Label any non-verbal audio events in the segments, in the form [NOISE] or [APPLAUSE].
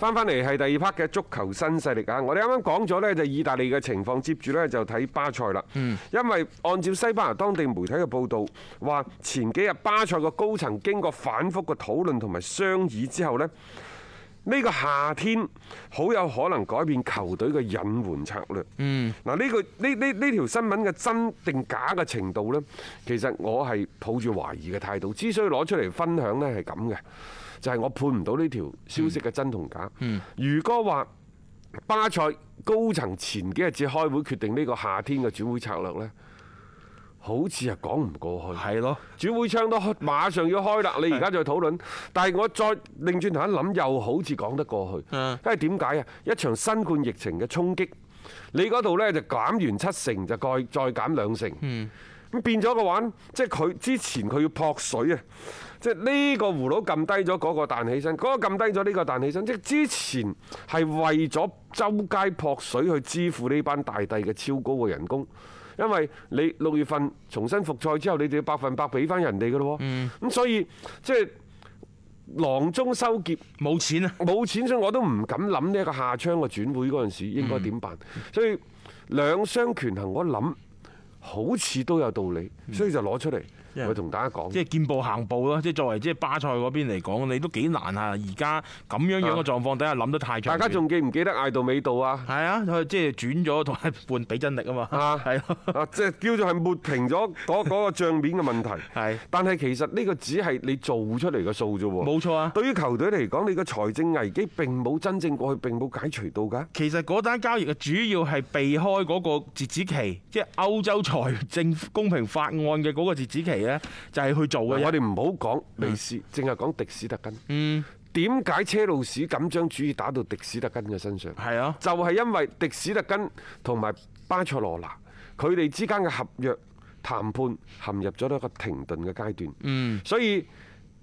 翻翻嚟係第二 part 嘅足球新勢力啊！我哋啱啱講咗呢，就意大利嘅情況，接住呢，就睇巴塞啦。因為按照西班牙當地媒體嘅報道，話前幾日巴塞個高層經過反覆嘅討論同埋商議之後呢，呢、呢個夏天好有可能改變球隊嘅引援策略。嗯，嗱呢個呢呢呢條新聞嘅真定假嘅程度呢，其實我係抱住懷疑嘅態度，之所以攞出嚟分享呢，係咁嘅。就係我判唔到呢條消息嘅真同假。嗯、如果話巴塞高層前幾日至開會決定呢個夏天嘅轉會策略呢，好似係講唔過去。係咯的，轉會窗都馬上要開啦，嗯、你而家再討論。的但係我再擰轉頭一諗，又好似講得過去。因為點解啊？一場新冠疫情嘅衝擊，你嗰度呢就減完七成，就再再減兩成。嗯咁變咗個話，即係佢之前佢要撲水啊！即係呢個葫蘆撳低咗，嗰個彈起身；嗰、嗰個撳低咗，呢個彈起身。即係之前係為咗周街撲水去支付呢班大帝嘅超高嘅人工，因為你六月份重新復賽之後，你就要百分百俾翻人哋噶咯喎。咁、嗯、所以即係囊中羞澀，冇錢啊！冇錢所以我都唔敢諗呢一個下窗嘅轉會嗰陣時應該點辦。嗯、所以兩相權衡，我諗。好似都有道理，所以就攞出嚟我同大家講，即係見步行步咯。即係作為即係巴塞嗰邊嚟講，你都幾難啊！而家咁樣樣嘅狀況底下，諗得太長。大家仲記唔記得嗌到尾度啊？係啊，即係轉咗同埋換俾真力啊嘛。啊，係啊，即係叫做係抹平咗嗰嗰個帳面嘅問題。係、 [LAUGHS] 啊，但係其實呢個只係你做出嚟嘅數啫喎。冇錯啊。對於球隊嚟講，你個財政危機並冇真正過去，並冇解除到㗎。其實嗰單交易嘅主要係避開嗰個截止期，即係歐洲。財政公平法案嘅嗰個截止期呢，就係去做嘅。我哋唔好講利是嗎，淨係講迪斯特根。嗯，點解車路士敢將主意打到迪斯特根嘅身上？係啊，就係因為迪斯特根同埋巴塞羅那佢哋之間嘅合約談判陷入咗一個停頓嘅階段。嗯，所以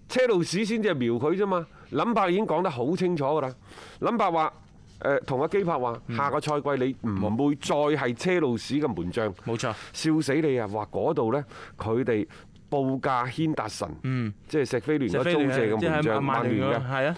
車路士先至係瞄佢啫嘛。林伯已經講得好清楚噶啦，林伯話。誒同阿基柏話：下個賽季你唔會再係車路士嘅門將。冇錯。笑死你啊！話嗰度呢，佢哋報價軒達臣，即係錫菲聯租借嘅門將，曼聯嘅。係啊。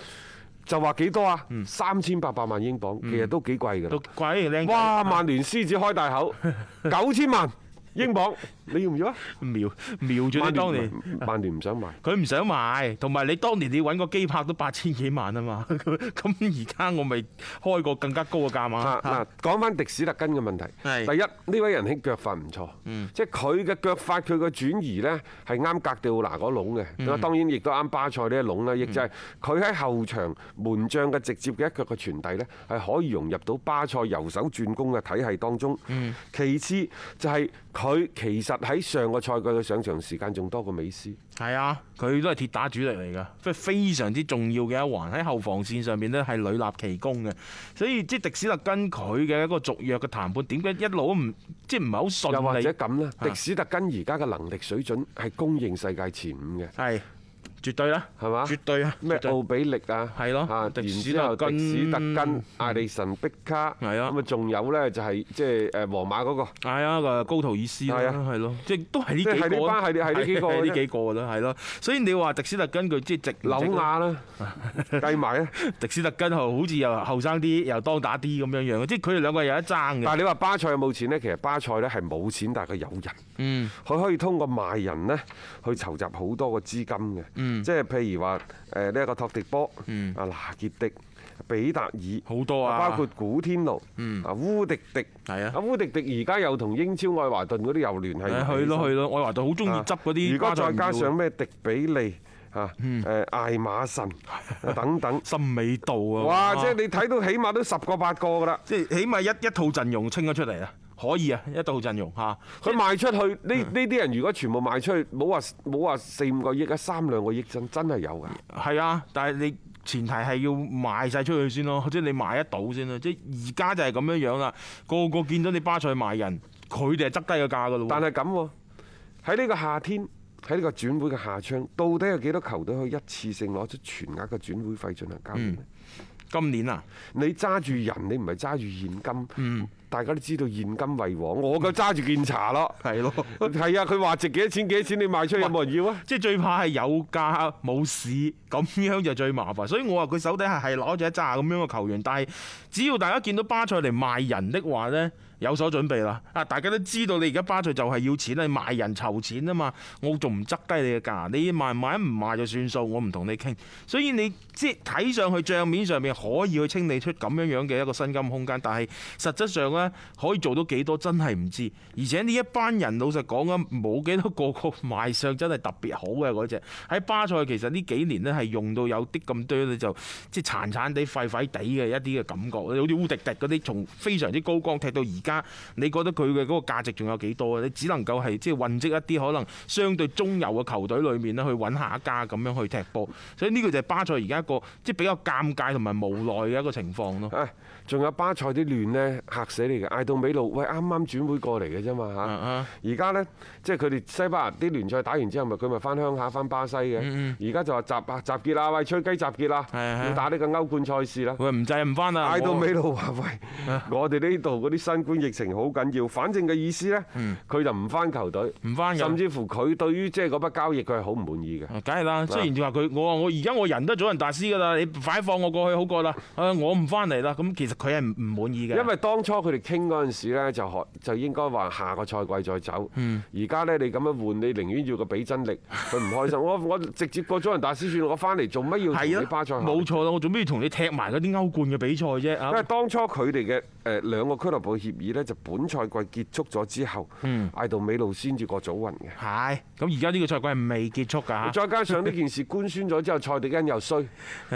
就話幾多啊？三千八百萬英鎊，其實、嗯、都幾貴㗎。貴。哇！曼聯獅子開大口，九千萬英鎊。你要唔要啊？瞄瞄住你當年，半年唔想買。佢唔想買，同埋你當年你揾個機拍都八千幾萬啊嘛。咁而家我未開個更加高嘅價碼。講翻迪史特根嘅問題，是第一呢位人兄腳法唔錯，嗯、即係佢嘅腳法，佢嘅轉移呢係啱格迪奧拿嗰籠嘅。嗯、當然亦都啱巴塞呢籠啦，亦就係佢喺後場門將嘅直接嘅一腳嘅傳遞呢，係可以融入到巴塞由守轉攻嘅體系當中。嗯、其次就係佢其實喺上個賽季嘅上場時間仲多過美斯，係啊，佢都係鐵打主力嚟嘅，即係非常之重要嘅一環。喺後防線上面呢，係屢立奇功嘅，所以即迪斯特根佢嘅一個續約嘅談判點解一路都唔即係唔係好順利又或者咁呢？的迪斯特根而家嘅能力水準係公認世界前五嘅。係。絕對啦，係嘛？絕對啊！咩奧比力啊？係咯，啊！迪斯特根、艾利臣，碧卡，係啊！咁啊，仲有咧就係即係誒皇馬嗰個，係啊，個高圖爾斯啦，係啊，係咯，即係都係呢幾個。係呢班係呢幾個。係呢幾個啦，係咯。所以你話迪斯特根佢即係值。紐亞啦，計埋咧，迪斯特根號好似又後生啲，又當打啲咁樣樣。即係佢哋兩個有得爭嘅。但係你話巴塞有冇錢呢？其實巴塞咧係冇錢，但係佢有人。佢可以通過賣人呢，去籌集好多個資金嘅。即係譬如話誒呢一個托迪波，啊拿傑迪、比達爾好多啊，包括古天奴，啊、嗯、烏迪迪，係是啊，阿烏迪迪而家又同英超愛華頓嗰啲又聯繫，去咯去咯，愛華頓好中意執嗰啲。啊啊、如果再加上咩用迪比利嚇，誒艾馬臣等等，甚 [LAUGHS] 美道啊，哇！即係你睇到起碼都十個八個㗎啦、啊，即係起碼一一套陣容清咗出嚟啊！可以度啊，一隊好陣容嚇。佢賣出去呢呢啲人，如果全部賣出去，冇話冇話四五個億啊，三兩個億真真係有㗎。係啊，但係你前提係要賣晒出去先咯，即係你賣得到先啦。即係而家就係咁樣樣啦，個個見到你巴塞賣人，佢哋係執低個價㗎咯。但係咁喎，喺呢個夏天，喺呢個轉會嘅夏窗，到底有幾多球隊可以一次性攞出全額嘅轉會費進行交易呢？嗯。今年啊，你揸住人，你唔係揸住現金，嗯、大家都知道現金為王。我就揸住檢查咯，係咯的，係啊。佢話值幾多錢，幾多錢，多錢你賣出去 [LAUGHS] 有冇人要啊？即係最怕係有價冇市，咁樣就最麻煩。所以我話佢手底下係攞住一揸咁樣嘅球員，但係只要大家見到巴塞嚟賣人嘅話呢。有所準備啦！啊，大家都知道你而家巴塞就係要錢你賣人籌錢啊嘛。我仲唔執低你嘅價？你賣唔賣？唔賣就算數，我唔同你傾。所以你即睇上去帳面上面可以去清理出咁樣樣嘅一個薪金空間，但係實質上呢，可以做到幾多真係唔知。而且呢一班人老實講咧，冇幾多個個賣相真係特別好嘅嗰隻。喺巴塞其實呢幾年呢，係用到有啲咁多你就即係殘殘地廢廢地嘅一啲嘅感覺，好似烏迪迪嗰啲，從非常之高光踢到而。家，你覺得佢嘅嗰個價值仲有幾多啊？你只能夠係即係混跡一啲可能相對中游嘅球隊裏面咧，去揾下一家咁樣去踢波。所以呢個就係巴塞而家一個即係比較尷尬同埋無奈嘅一個情況咯。仲有巴塞啲亂呢，嚇死你嘅，嗌到尾路喂，啱啱轉會過嚟嘅啫嘛嚇，而家呢，即係佢哋西班牙啲聯賽打完之後，咪佢咪翻鄉下翻巴西嘅，而家就話集集結啦喂，吹雞集結啦，是的 要打呢個歐冠賽事啦。佢唔制唔翻啦，嗌到尾路話，喂，我哋呢度嗰啲新冠疫情好緊要，反正嘅意思呢，佢就唔翻球隊，唔翻、嗯，甚至乎佢對於即係嗰筆交易佢係好唔滿意嘅。梗係啦，雖然你話佢，我話我而家我人都做人大師㗎啦，你快放我過去好過啦，我唔翻嚟啦，咁其實。佢係唔唔滿意嘅，因為當初佢哋傾嗰陣時咧，就就應該話下個賽季再走。而家咧你咁樣換，你寧願要個比真力，佢唔開心。我 [LAUGHS] 我直接過咗祖雲達斯算，我翻嚟做乜要同你巴塞？冇錯啦，我做咩要同你踢埋嗰啲歐冠嘅比賽啫？因為當初佢哋嘅誒兩個俱樂部嘅協議咧，就本賽季結束咗之後，嗌、嗯、到美路先至過祖雲嘅。係、嗯，咁而家呢個賽季係未結束㗎。再加上呢件事官宣咗之後，賽地欣又衰，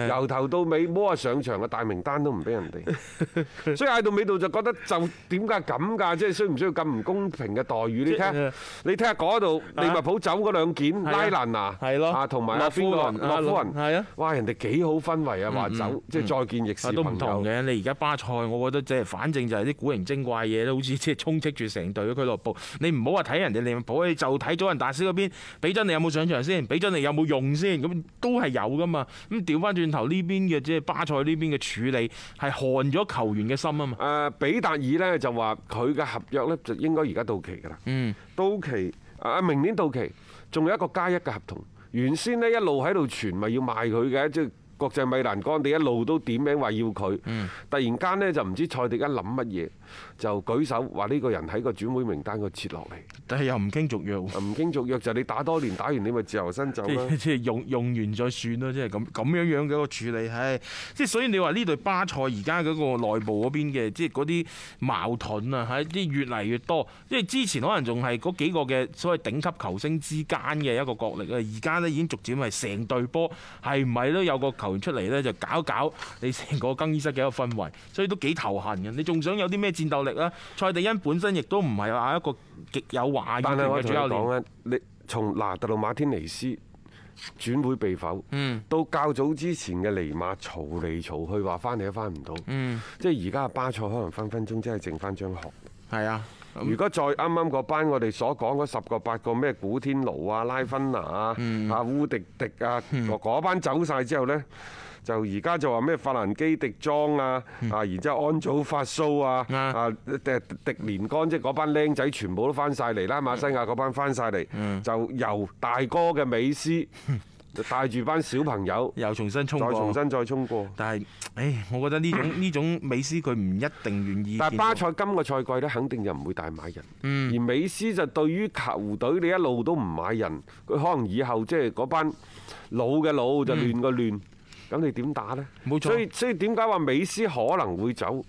由 [LAUGHS] 頭到尾摸下上場嘅大名單都唔俾人哋。 [LAUGHS] [LAUGHS] 所以喺度尾度就覺得就點解咁㗎？即係需唔需要咁唔公平嘅待遇？ [LAUGHS] 你聽，你聽下嗰度利物浦走嗰兩件、 [LAUGHS] 啊啊、拉蘭拿，係咯，同埋洛夫倫，洛夫倫，啊，哇！啊、人哋幾 [LAUGHS] 好氛圍啊，話 [LAUGHS] 走即係再見亦是朋友 [LAUGHS] 都唔同嘅。你而家巴塞，我覺得即係反正就係啲古靈精怪嘢，都好似即係充斥住成隊嘅俱樂部。你唔好話睇人哋利物浦，你就睇祖雲達斯嗰邊。比咗你有冇上場先？比咗你有冇用先？咁都係有噶嘛？咁調翻轉頭呢邊嘅即係巴塞呢邊嘅處理係看咗球員嘅心啊嘛！誒，比達爾咧就話佢嘅合約咧就應該而家到期㗎啦。嗯，到期啊，明年到期，仲有一個加一嘅合同。原先呢一路喺度傳，咪要賣佢嘅，即係國際米蘭幹地一路都點名話要佢。嗯，突然間咧就唔知賽迪家諗乜嘢。就舉手話呢個人喺個轉會名單度切落嚟，但係又唔傾續約，唔傾續約就你打多年打完你咪自由身走即係用用完再算咯，即係咁咁樣樣嘅一個處理。唉，即係所以你話呢隊巴塞而家嗰個內部嗰邊嘅即係嗰啲矛盾啊，係越嚟越多。因為之前可能仲係嗰幾個嘅所謂頂級球星之間嘅一個角力啊。而家呢已經逐漸係成隊波係咪都有個球員出嚟呢？就搞搞你成個更衣室嘅一個氛圍，所以都幾頭痕嘅。你仲想有啲咩？戰鬥力啦，蔡地恩本身亦都唔係話一個極有話語權嘅主教練。但係我哋主你講咧， [MUSIC] 你從拿特魯馬天尼斯轉會被否，嗯、到較早之前嘅尼馬嘈嚟嘈去，話翻嚟都翻唔到。嗯，即係而家巴塞可能分分鐘真係剩翻張殼。係啊。如果再啱啱嗰班我哋所講嗰十個八個咩古天奴啊、拉芬娜啊、阿、嗯、烏迪迪啊，嗰班走晒之後呢，嗯、就而家就話咩法蘭基迪莊啊，啊、嗯、然之後安祖法蘇啊，啊迪迪連江即係嗰班僆仔全部都翻晒嚟啦，嗯、馬西亞嗰班翻晒嚟，嗯、就由大哥嘅美斯。嗯 [LAUGHS] 帶住班小朋友又重新衝過，再重新再衝過。但係，唉，我覺得呢種呢 [COUGHS] 種美斯佢唔一定願意。但係巴塞今個賽季呢，肯定就唔會大買人。嗯。而美斯就對於球隊你一路都唔買人，佢可能以後即係嗰班老嘅老就亂個亂，咁、嗯、你點打呢？冇錯。所以所以點解話美斯可能會走？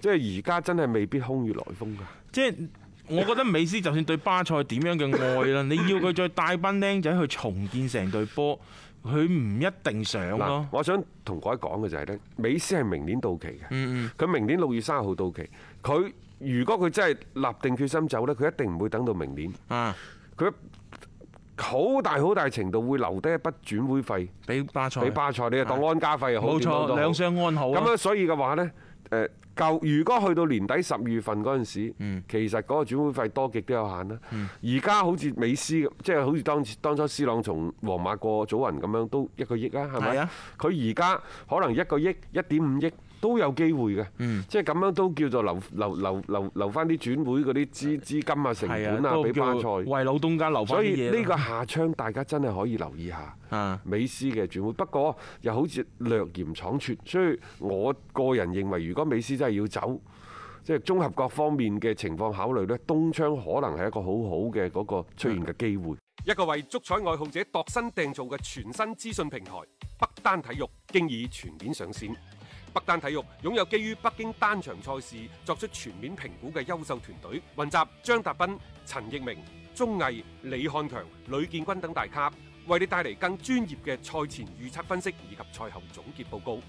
即係而家真係未必空穴來風噶。即係。 [COUGHS] [COUGHS] 我覺得美斯就算對巴塞點樣嘅愛啦，你要佢再帶班僆仔去重建成隊波，佢唔一定想咯。我想同各位講嘅就係咧，美斯係明年到期嘅，佢明年六月卅號到期。佢如果佢真係立定決心走咧，佢一定唔會等到明年。啊！佢好大好大程度會留低一筆轉會費俾巴塞，俾巴塞你又當安家費啊，冇錯，兩相安好啊。咁樣所以嘅話咧，誒。舊如果去到年底十二月份嗰陣時，嗯、其實嗰個轉會費多極都有限啦。而家、嗯、好似美斯，即、就、係、是、好似當當初 C 朗從皇馬過祖雲咁樣，都一個億啦，係咪啊？佢而家可能一個億、一點五億，都有機會嘅，即係咁樣都叫做留留留留留翻啲轉會嗰啲資資金啊、成本啊俾巴塞為老東家留翻嘢。所以呢個下窗大家真係可以留意下。美斯嘅轉會不過又好似略嫌倉促，所以我個人認為，如果美斯真係要走，即係綜合各方面嘅情況考慮咧，冬窗可能係一個好好嘅嗰個出現嘅機會。一個為足彩愛好者度身訂造嘅全新資訊平台北單體育，經已全面上線。北單體育擁有基於北京單場賽事作出全面評估嘅優秀團隊，雲集張達斌、陳亦明、鍾毅、李漢強、呂建軍等大咖，為你帶嚟更專業嘅賽前預測分析以及賽後總結報告。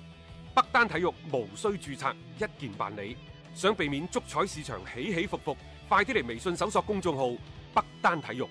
北單體育無需註冊，一鍵辦理，想避免足彩市場起起伏伏，快啲嚟微信搜索公眾號北單體育。